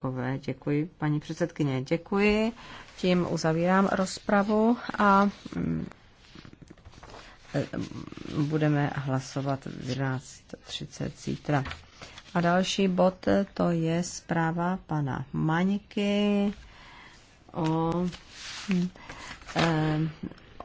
Takové, děkuji, paní předsedkyně, děkuji. Tím uzavírám rozpravu a mm, e, mm, budeme hlasovat v 11.30 zítra. A další bod to je zpráva pana Maňky o mm, e,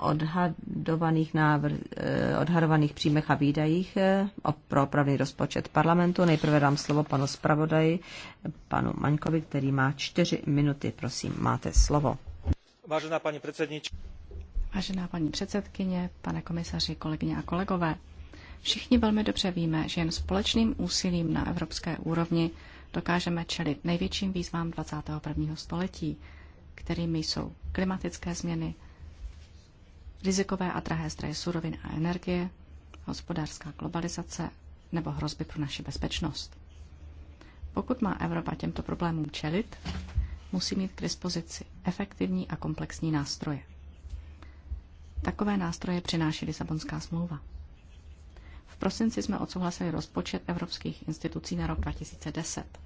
odhadovaných, návr, eh, odhadovaných příjmech a výdajích eh, pro opravný rozpočet parlamentu. Nejprve dám slovo panu zpravodaji, panu Maňkovi, který má čtyři minuty. Prosím, máte slovo. Vážená paní předsednička. Vážená paní předsedkyně, pane komisaři, kolegyně a kolegové, všichni velmi dobře víme, že jen společným úsilím na evropské úrovni dokážeme čelit největším výzvám 21. století, kterými jsou klimatické změny, rizikové a drahé zdroje surovin a energie, hospodářská globalizace nebo hrozby pro naši bezpečnost. Pokud má Evropa těmto problémům čelit, musí mít k dispozici efektivní a komplexní nástroje. Takové nástroje přináší Lisabonská smlouva. V prosinci jsme odsouhlasili rozpočet evropských institucí na rok 2010.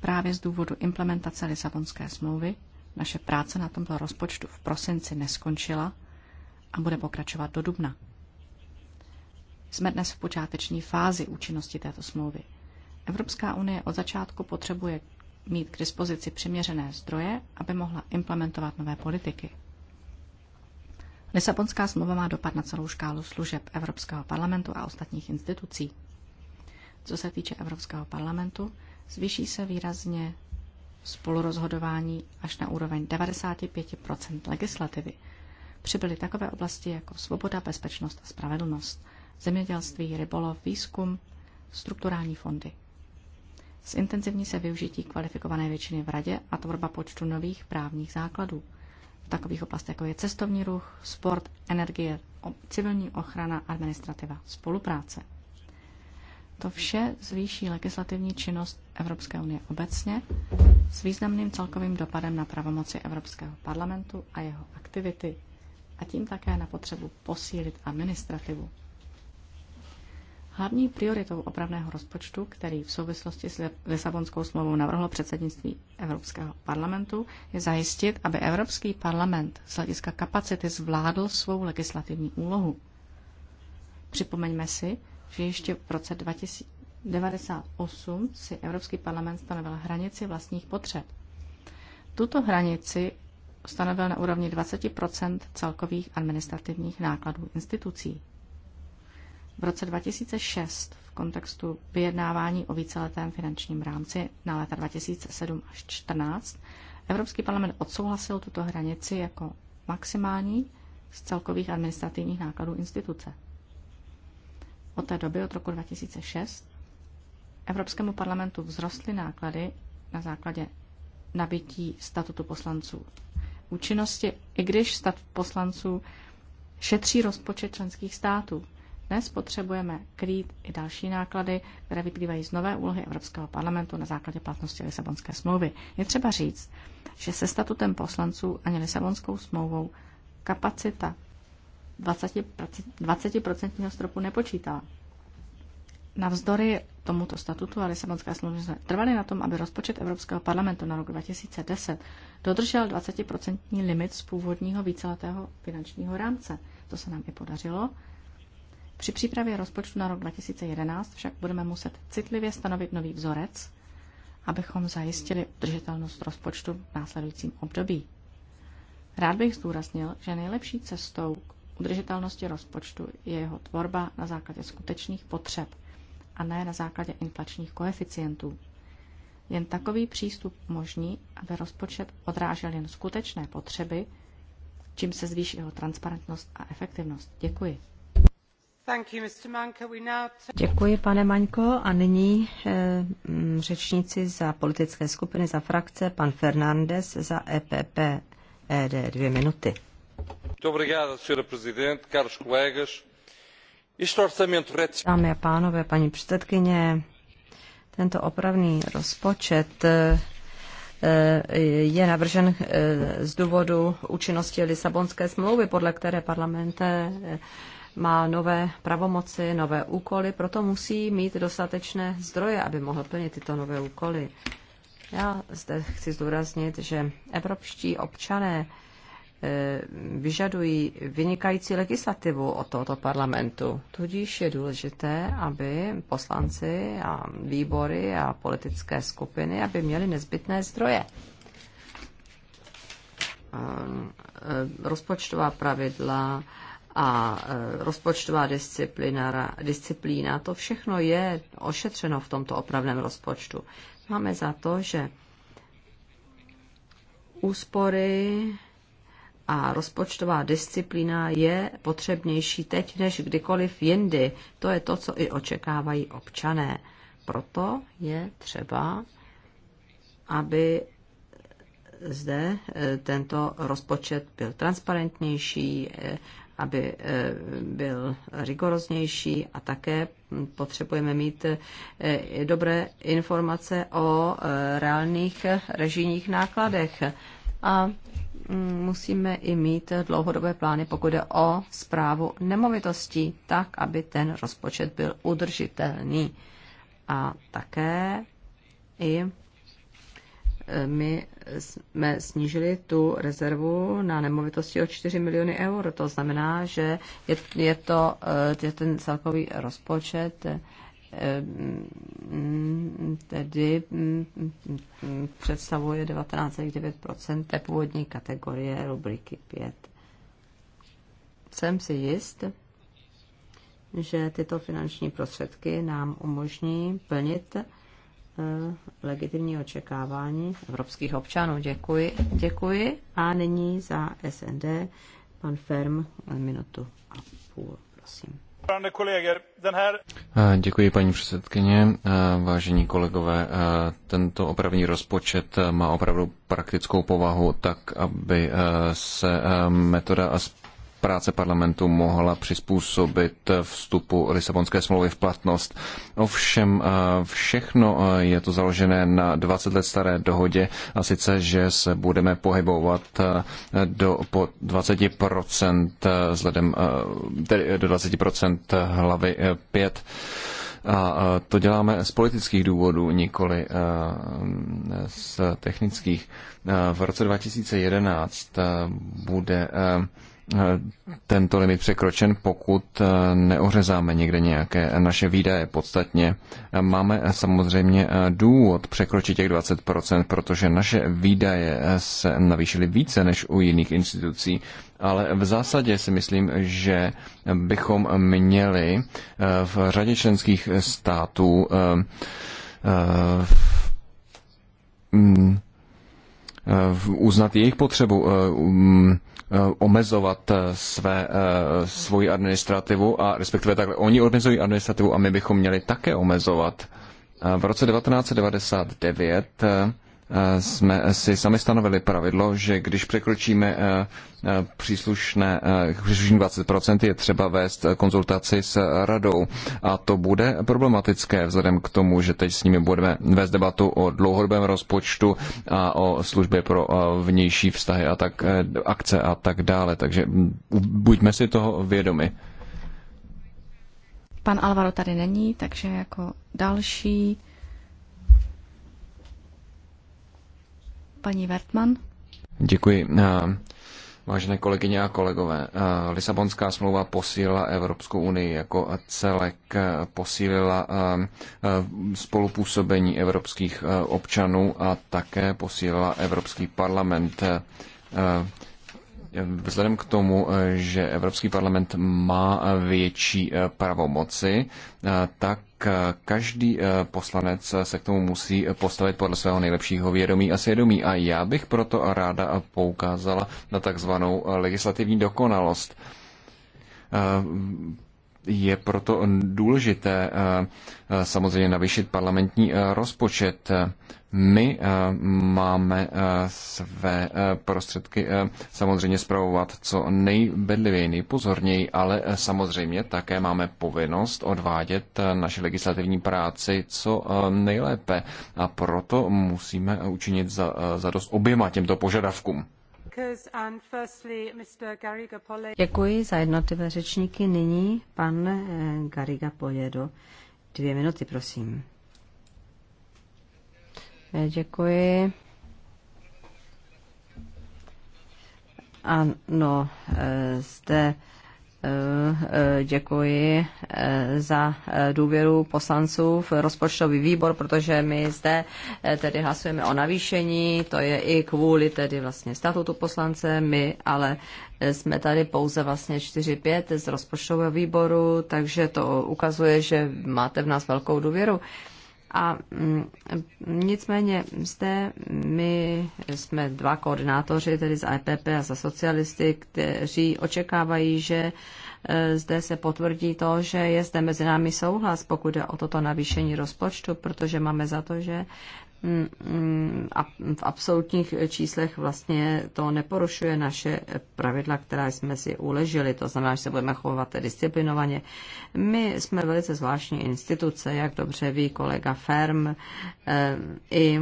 Právě z důvodu implementace Lisabonské smlouvy naše práce na tomto rozpočtu v prosinci neskončila a bude pokračovat do dubna. Jsme dnes v počáteční fázi účinnosti této smlouvy. Evropská unie od začátku potřebuje mít k dispozici přiměřené zdroje, aby mohla implementovat nové politiky. Lisabonská smlouva má dopad na celou škálu služeb Evropského parlamentu a ostatních institucí. Co se týče Evropského parlamentu, zvýší se výrazně spolurozhodování až na úroveň 95 legislativy, přibyly takové oblasti jako svoboda, bezpečnost a spravedlnost, zemědělství, rybolov, výzkum, strukturální fondy. Zintenzivní se využití kvalifikované většiny v radě a tvorba počtu nových právních základů. V takových oblastech, jako je cestovní ruch, sport, energie, civilní ochrana, administrativa, spolupráce. To vše zvýší legislativní činnost Evropské unie obecně s významným celkovým dopadem na pravomoci Evropského parlamentu a jeho aktivity a tím také na potřebu posílit administrativu. Hlavní prioritou opravného rozpočtu, který v souvislosti s Lisabonskou smlouvou navrhlo předsednictví Evropského parlamentu, je zajistit, aby Evropský parlament z hlediska kapacity zvládl svou legislativní úlohu. Připomeňme si, že ještě v roce 1998 si Evropský parlament stanovil hranici vlastních potřeb. Tuto hranici stanovil na úrovni 20 celkových administrativních nákladů institucí. V roce 2006 v kontextu vyjednávání o víceletém finančním rámci na léta 2007 až 2014 Evropský parlament odsouhlasil tuto hranici jako maximální z celkových administrativních nákladů instituce. Od té doby, od roku 2006, Evropskému parlamentu vzrostly náklady na základě nabití statutu poslanců účinnosti, i když stav poslanců šetří rozpočet členských států. Dnes potřebujeme krýt i další náklady, které vyplývají z nové úlohy Evropského parlamentu na základě platnosti Lisabonské smlouvy. Je třeba říct, že se statutem poslanců ani Lisabonskou smlouvou kapacita 20%, stropu nepočítala. Navzdory tomuto statutu a Lisabonské smlouvy jsme trvali na tom, aby rozpočet Evropského parlamentu na rok 2010 dodržel 20% limit z původního víceletého finančního rámce. To se nám i podařilo. Při přípravě rozpočtu na rok 2011 však budeme muset citlivě stanovit nový vzorec, abychom zajistili udržitelnost rozpočtu v následujícím období. Rád bych zdůraznil, že nejlepší cestou k udržitelnosti rozpočtu je jeho tvorba na základě skutečných potřeb – a ne na základě inflačních koeficientů. Jen takový přístup možný, aby rozpočet odrážel jen skutečné potřeby, čím se zvýší jeho transparentnost a efektivnost. Děkuji. Děkuji, pane Maňko. A nyní eh, řečníci za politické skupiny, za frakce, pan Fernández za EPP ED. Dvě minuty. Dámy a pánové, paní předsedkyně, tento opravný rozpočet eh, eh, je navržen eh, z důvodu účinnosti Lisabonské smlouvy, podle které parlament má nové pravomoci, nové úkoly, proto musí mít dostatečné zdroje, aby mohl plnit tyto nové úkoly. Já zde chci zdůraznit, že evropští občané Eh, vyžadují vynikající legislativu od tohoto parlamentu. Tudíž je důležité, aby poslanci a výbory a politické skupiny, aby měli nezbytné zdroje. Eh, rozpočtová pravidla a eh, rozpočtová disciplína, disciplína, to všechno je ošetřeno v tomto opravném rozpočtu. Máme za to, že úspory a rozpočtová disciplína je potřebnější teď než kdykoliv jindy. To je to, co i očekávají občané. Proto je třeba, aby zde eh, tento rozpočet byl transparentnější, eh, aby eh, byl rigoroznější a také potřebujeme mít dobré informace o reálných režijních nákladech. A musíme i mít dlouhodobé plány, pokud jde o zprávu nemovitostí, tak, aby ten rozpočet byl udržitelný. A také i e, my jsme snížili tu rezervu na nemovitosti o 4 miliony eur. To znamená, že je, je to e, je ten celkový rozpočet Ehm, tedy mm, představuje 19,9 původní kategorie rubriky 5. Jsem si jist, že tyto finanční prostředky nám umožní plnit eh, legitimní očekávání evropských občanů. Děkuji, děkuji. A nyní za SND pan Ferm minutu a půl, prosím. Eh, děkuji, paní předsedkyně. Eh, vážení kolegové, eh, tento opravný rozpočet má opravdu praktickou povahu tak, aby se metoda a práce parlamentu mohla přizpůsobit vstupu Lisabonské smlouvy v platnost. Ovšem eh, všechno eh, je to založené na 20 let staré dohodě a sice, že se budeme pohybovat eh, do po 20% vzhledem, tedy do 20% hlavy 5. A to děláme z politických důvodů, nikoli z technických. V roce 2011 bude Eh, tento limit překročen, pokud eh, neořezáme někde nějaké naše výdaje podstatně. Eh, máme samozřejmě důvod překročit těch 20%, protože naše výdaje se navýšily více než u jiných institucí, ale v zásadě si myslím, že bychom měli v řadě členských států mm, Eh, uznat jejich potřebu eh, um, eh, omezovat své, svoji administrativu a respektive takhle oni omezují administrativu a my bychom měli také omezovat. V roce 1999 Eh, jsme si sami stanovili pravidlo, že když překročíme eh, eh, příslušné, příslušných 20%, je třeba vést konzultaci s radou. A to bude problematické vzhledem k tomu, že teď s nimi budeme vést debatu o dlouhodobém rozpočtu a o službě pro vnější vztahy a tak akce a tak dále. Takže mm, buďme si toho vědomi. Pan Alvaro tady není, takže jako další Paní Wertmann. Děkuji. Eh, vážené kolegyně a kolegové, eh, Lisabonská smlouva posílila Evropskou unii jako celek, eh, posílila spolupůsobení evropských občanů a také posílila Evropský parlament. Vzhledem k tomu, že Evropský parlament má větší pravomoci, tak Eh, každý eh, poslanec se k tomu musí eh, postavit podle svého nejlepšího vědomí a svědomí. A já bych proto ráda poukázala na takzvanou legislativní dokonalost je proto důležité eh, eh, samozřejmě navýšit parlamentní eh, rozpočet. My máme své prostředky samozřejmě zpravovat co nejbedlivěji, nejpozorněji, ale samozřejmě také máme povinnost odvádět naši legislativní práci co nejlépe a proto musíme učinit za, za dost oběma těmto požadavkům. Děkuji za jednotlivé řečníky. Nyní pan eh, Gariga Pojedo. Dvě minuty, prosím. Eh, děkuji. Ano, eh, zde Eh, eh, děkuji eh, za důvěru poslanců v rozpočtový výbor, protože my zde tedy hlasujeme o navýšení, to je i kvůli tedy vlastně statutu poslance, my ale jsme tady pouze vlastně 4-5 z rozpočtového výboru, takže to ukazuje, že máte v nás velkou důvěru. A mm, nicméně zde my jsme dva koordinátoři, tedy z IPP a za socialisty, kteří očekávají, že e, zde se potvrdí to, že je zde mezi námi souhlas, pokud je o toto navýšení rozpočtu, protože máme za to, že Mm, mm, v absolutních číslech vlastně to neporušuje naše pravidla, která jsme si uležili. To znamená, že se budeme chovat disciplinovaně. My jsme velice zvláštní instituce, jak dobře ví kolega Ferm. Eh, I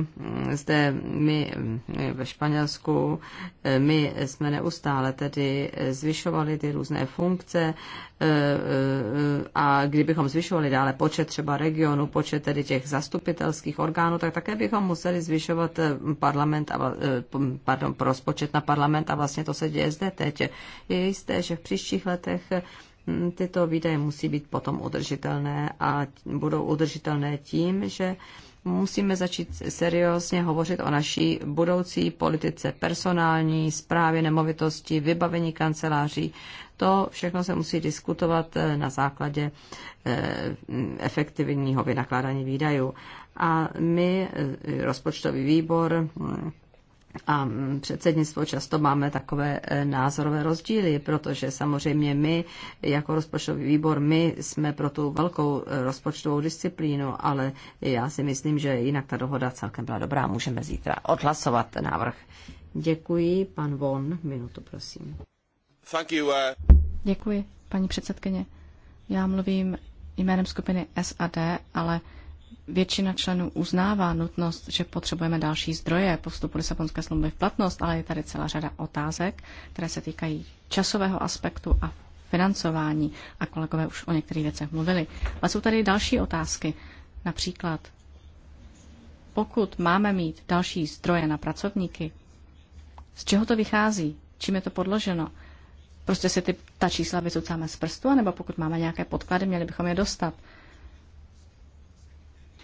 zde my eh, ve Španělsku, eh, my jsme neustále tedy zvyšovali ty různé funkce Eh, eh, a kdybychom zvyšovali dále počet třeba regionu, počet tedy těch zastupitelských orgánů, tak také bychom museli zvyšovat eh, parlament a, pardon, rozpočet na parlament a vlastně to se děje zde teď. Je jisté, že v příštích letech hm, tyto výdaje musí být potom udržitelné a budou udržitelné tím, že musíme začít seriózně hovořit o naší budoucí politice personální, zprávě nemovitosti, vybavení kanceláří. To všechno se musí diskutovat eh, na základě eh, efektivního vynakládání výdajů. A my, eh, rozpočtový výbor, hm, a mm, předsednictvo často máme takové e, názorové rozdíly, protože samozřejmě my jako rozpočtový výbor, my jsme pro tu velkou e, rozpočtovou disciplínu, ale já si myslím, že jinak ta dohoda celkem byla dobrá. Můžeme zítra odhlasovat návrh. Děkuji. Pan Von, minutu prosím. Thank you, uh... Děkuji, paní předsedkyně. Já mluvím jménem skupiny SAD, ale Většina členů uznává nutnost, že potřebujeme další zdroje po vstupu Lisabonské smlouvy v platnost, ale je tady celá řada otázek, které se týkají časového aspektu a financování. A kolegové už o některých věcech mluvili. Ale jsou tady další otázky. Například, pokud máme mít další zdroje na pracovníky, z čeho to vychází? Čím je to podloženo? Prostě si ty, ta čísla vysucáme z prstu, anebo pokud máme nějaké podklady, měli bychom je dostat.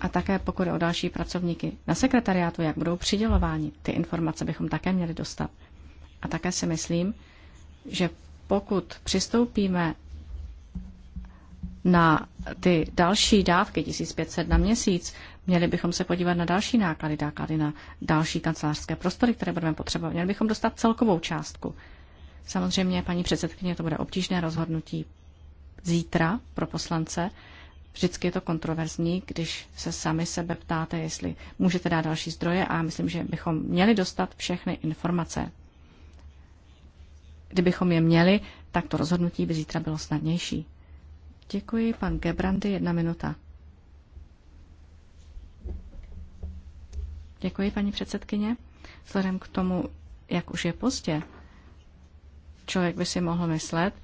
A také pokud je o další pracovníky na sekretariátu, jak budou přidělováni, ty informace bychom také měli dostat. A také si myslím, že pokud přistoupíme na ty další dávky 1500 na měsíc, měli bychom se podívat na další náklady, náklady na další kancelářské prostory, které budeme potřebovat. Měli bychom dostat celkovou částku. Samozřejmě, paní předsedkyně, to bude obtížné rozhodnutí zítra pro poslance, Vždycky je to kontroverzní, když se sami sebe ptáte, jestli můžete dát další zdroje a myslím, že bychom měli dostat všechny informace. Kdybychom je měli, tak to rozhodnutí by zítra bylo snadnější. Děkuji, pan Gebrandy, jedna minuta. Děkuji, paní předsedkyně. Vzhledem k tomu, jak už je pozdě, člověk by si mohl myslet,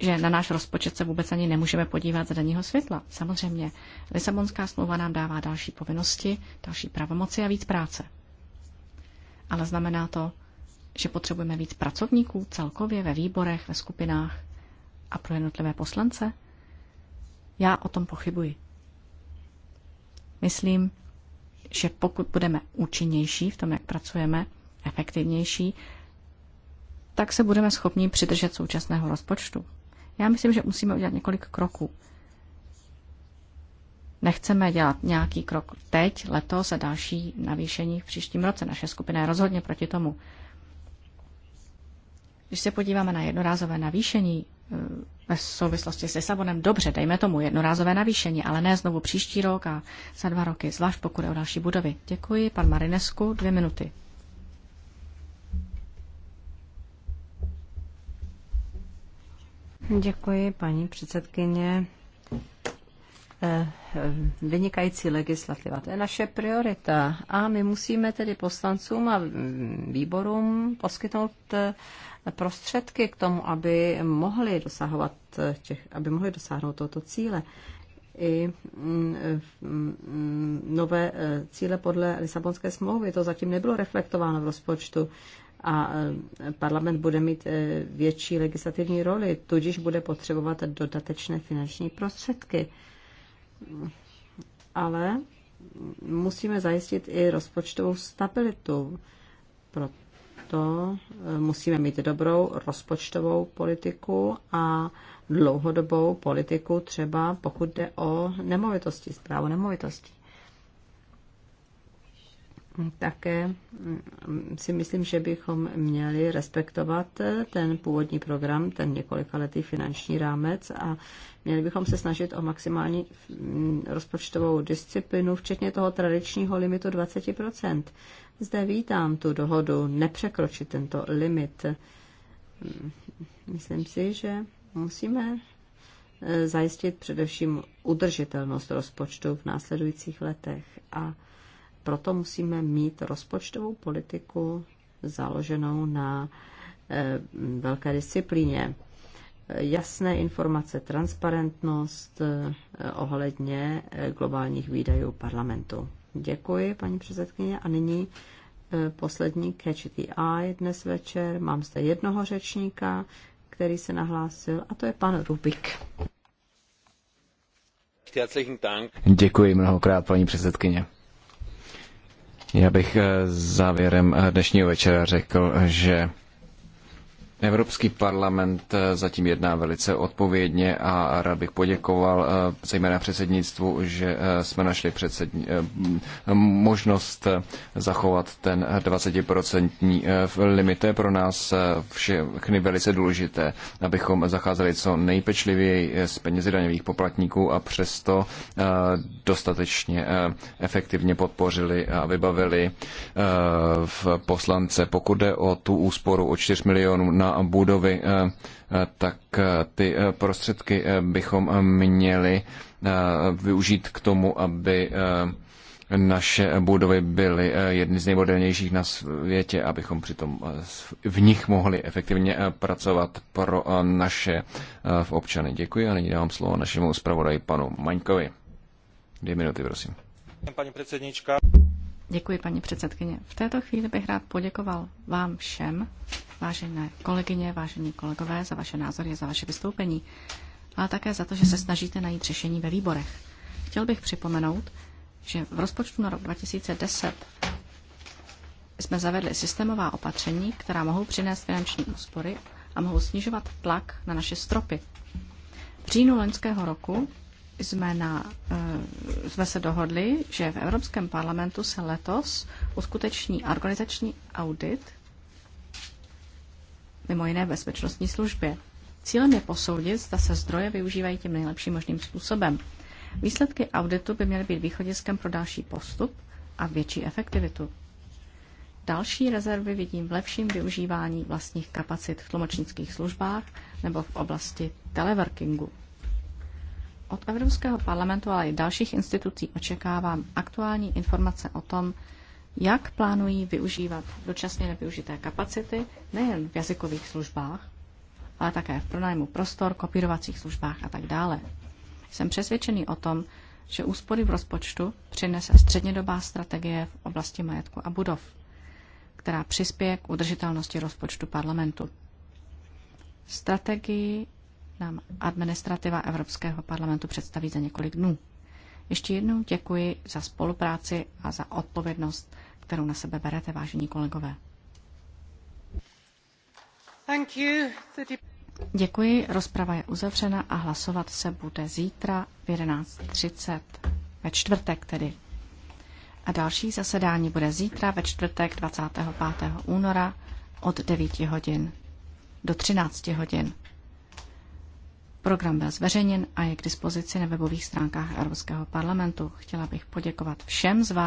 že na náš rozpočet se vůbec ani nemůžeme podívat z denního světla. Samozřejmě, Lisabonská smlouva nám dává další povinnosti, další pravomoci a víc práce. Ale znamená to, že potřebujeme víc pracovníků celkově ve výborech, ve skupinách a pro jednotlivé poslance? Já o tom pochybuji. Myslím, že pokud budeme účinnější v tom, jak pracujeme, efektivnější, tak se budeme schopni přidržet současného rozpočtu. Já myslím, že musíme udělat několik kroků. Nechceme dělat nějaký krok teď, letos a další navýšení v příštím roce. Naše skupina je rozhodně proti tomu. Když se podíváme na jednorázové navýšení eh, ve souvislosti se Savonem, dobře, dejme tomu jednorázové navýšení, ale ne znovu příští rok a za dva roky, zvlášť pokud je o další budovy. Děkuji, pan Marinesku, dvě minuty. Děkuji, paní předsedkyně. Eh, eh, vynikající legislativa, to je naše priorita a my musíme tedy poslancům a výborům poskytnout eh, prostředky k tomu, aby mohli dosahovat těch, aby mohli dosáhnout tohoto cíle i mm, mm, nové cíle podle Lisabonské smlouvy. To zatím nebylo reflektováno v rozpočtu a e, parlament bude mít e, větší legislativní roli, tudíž bude potřebovat dodatečné finanční prostředky. Ale musíme zajistit i rozpočtovou stabilitu. Proto e, musíme mít dobrou rozpočtovou politiku a dlouhodobou politiku, třeba pokud jde o nemovitosti, zprávu nemovitostí také mm, si myslím, že bychom měli respektovat ten původní program, ten několikaletý finanční rámec a měli bychom se snažit o maximální mm, rozpočtovou disciplinu, včetně toho tradičního limitu 20%. Zde vítám tu dohodu nepřekročit tento limit. Mm, myslím si, že musíme e, zajistit především udržitelnost rozpočtu v následujících letech a proto musíme mít rozpočtovou politiku založenou na eh, velké disciplíně. Jasné informace, transparentnost eh, ohledně eh, globálních výdajů parlamentu. Děkuji, paní předsedkyně. A nyní poslední Catch the Eye dnes večer. Mám zde jednoho řečníka, který se nahlásil, a to je pan Rubik. Děkuji mnohokrát, paní předsedkyně. Já bych eh, závěrem eh, dnešního večera řekl, že Evropský parlament eh, zatím jedná velice odpovědně a rád bych poděkoval eh, zejména předsednictvu, že eh, jsme našli předsední, možnost zachovat ten 20% limit. To je pro nás všechny velice důležité, abychom zacházeli co nejpečlivěji s penězi daňových poplatníků a přesto dostatečně efektivně podpořili a vybavili v poslance. Pokud jde o tu úsporu o 4 milionů na na budovy, eh, eh, tak eh, ty prostředky bychom měli využít k tomu, aby naše budovy byly jedny z nejmodernějších na světě, abychom přitom v nich mohli efektivně pracovat pro naše občany. Děkuji a nyní dávám slovo našemu zpravodaji panu Maňkovi. Dvě minuty, prosím. Paní předsednička. Děkuji, paní předsedkyně. V této chvíli bych rád poděkoval vám všem vážené kolegyně, vážení kolegové, za vaše názory, za vaše vystoupení, ale také za to, že se snažíte najít řešení ve výborech. Chtěl bych připomenout, že v rozpočtu na rok 2010 jsme zavedli systémová opatření, která mohou přinést finanční úspory a mohou snižovat tlak na naše stropy. V říjnu loňského roku jsme, na, eh, jsme se dohodli, že v Evropském parlamentu se letos uskuteční organizační audit mimo jiné v bezpečnostní službě. Cílem je posoudit, zda se zdroje využívají tím nejlepším možným způsobem. Výsledky auditu by měly být východiskem pro další postup a větší efektivitu. Další rezervy vidím v lepším využívání vlastních kapacit v tlumočnických službách nebo v oblasti teleworkingu. Od Evropského parlamentu ale i dalších institucí očekávám aktuální informace o tom, jak plánují využívat dočasně nevyužité kapacity nejen v jazykových službách, ale také v pronájmu prostor, kopírovacích službách a tak dále. Jsem přesvědčený o tom, že úspory v rozpočtu přinese střednědobá strategie v oblasti majetku a budov, která přispěje k udržitelnosti rozpočtu parlamentu. Strategii nám administrativa Evropského parlamentu představí za několik dnů. Ještě jednou děkuji za spolupráci a za odpovědnost kterou na sebe berete, vážení kolegové. Děkuji, rozprava je uzavřena a hlasovat se bude zítra v 11.30, ve čtvrtek tedy. A další zasedání bude zítra ve čtvrtek 25. února od 9 hodin do 13 hodin. Program byl zveřejněn a je k dispozici na webových stránkách Evropského parlamentu. Chtěla bych poděkovat všem z vás,